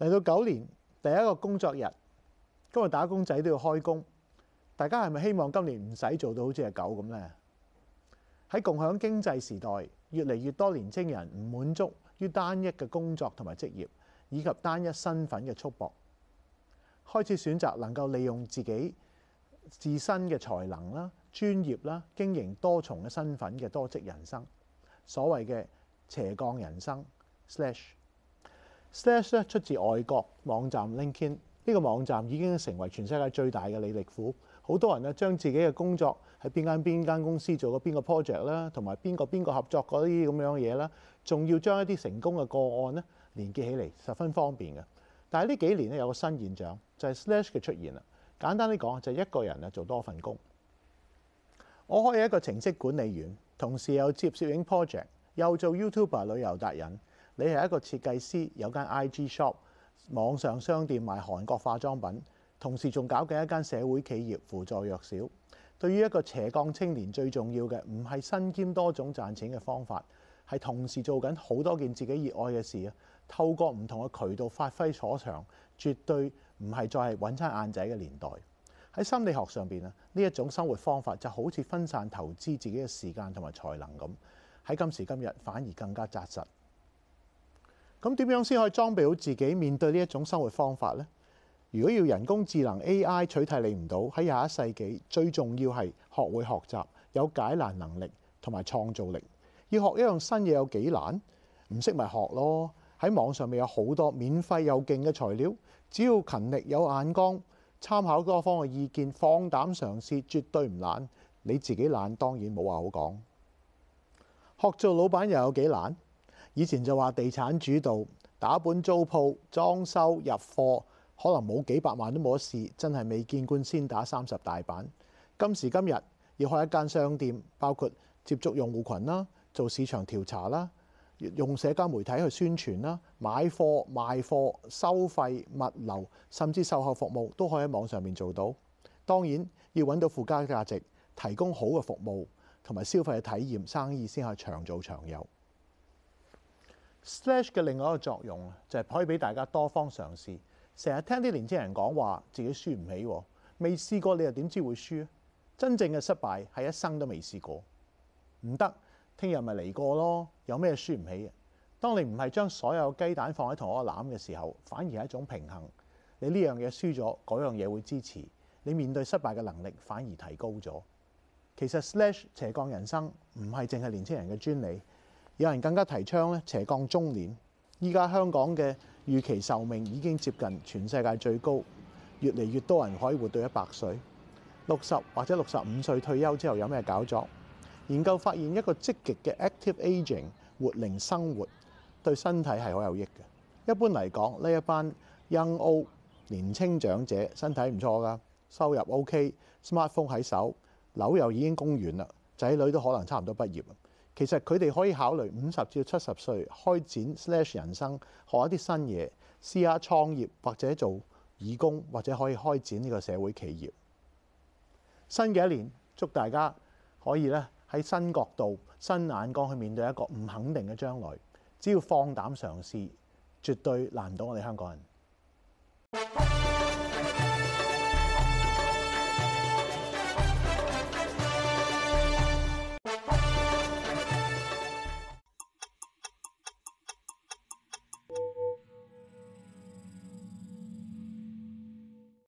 嚟到九年第一個工作日，今日打工仔都要開工。大家係咪希望今年唔使做到好似隻狗咁呢？喺共享經濟時代，越嚟越多年青人唔滿足於單一嘅工作同埋職業，以及單一身份嘅束縛，開始選擇能夠利用自己自身嘅才能啦、專業啦，經營多重嘅身份嘅多職人生，所謂嘅斜槓人生 slash。Slash 咧出自外國網站 LinkedIn，呢個網站已經成為全世界最大嘅履歷庫。好多人咧將自己嘅工作喺邊間邊間公司做過邊個 project 啦，同埋邊個邊個合作嗰啲咁樣嘢啦，仲要將一啲成功嘅個案咧連結起嚟，十分方便嘅。但係呢幾年咧有個新現象就係 Slash 嘅出現啦。簡單啲講，就係一個人啊做多份工。我可以一個程式管理員，同時又接攝影 project，又做 YouTuber 旅遊達人。你係一個設計師，有間 IG shop 網上商店賣韓國化妝品，同時仲搞緊一間社會企業，輔助弱小。對於一個斜槓青年，最重要嘅唔係身兼多種賺錢嘅方法，係同時做緊好多件自己熱愛嘅事啊。透過唔同嘅渠道發揮所長，絕對唔係再係揾餐晏仔嘅年代。喺心理學上邊啊，呢一種生活方法就好似分散投資自己嘅時間同埋才能咁。喺今時今日，反而更加扎實。咁點樣先可以裝備好自己面對呢一種生活方法呢？如果要人工智能 AI 取替你唔到，喺廿一世紀最重要係學會學習，有解難能力同埋創造力。要學一樣新嘢有幾難？唔識咪學咯。喺網上面有好多免費又勁嘅材料，只要勤力有眼光，參考各方嘅意見，放膽嘗試，絕對唔難。你自己懶當然冇話好講。學做老闆又有幾難？以前就話地產主導，打本租鋪裝修入貨，可能冇幾百萬都冇得試，真係未見官先打三十大板。今時今日要開一間商店，包括接觸用戶群啦、做市場調查啦、用社交媒體去宣傳啦、買貨賣貨收費、物流，甚至售後服務都可以喺網上面做到。當然要揾到附加價值，提供好嘅服務同埋消費嘅體驗，生意先可以長做長有。Slash 嘅另外一個作用就係可以俾大家多方嘗試。成日聽啲年青人講話自己輸唔起，未試過你又點知會輸？真正嘅失敗係一生都未試過，唔得，聽日咪嚟過咯。有咩輸唔起嘅？當你唔係將所有雞蛋放喺同一個籃嘅時候，反而係一種平衡。你呢樣嘢輸咗，嗰樣嘢會支持你面對失敗嘅能力反而提高咗。其實 Slash 斜槓人生唔係淨係年青人嘅專利。有人更加提倡咧斜槓中年。依家香港嘅預期壽命已經接近全世界最高，越嚟越多人可以活到一百歲。六十或者六十五歲退休之後有咩搞作？研究發現一個積極嘅 active ageing 活齡生活對身體係好有益嘅。一般嚟講，呢一班 young old 年青長者身體唔錯啦，收入 OK，smartphone、OK，喺手，樓又已經供完啦，仔女都可能差唔多畢業啦其實佢哋可以考慮五十至七十歲開展 slash 人生，學一啲新嘢，試下創業或者做義工，或者可以開展呢個社會企業。新嘅一年，祝大家可以咧喺新角度、新眼光去面對一個唔肯定嘅將來。只要放膽嘗試，絕對難唔到我哋香港人。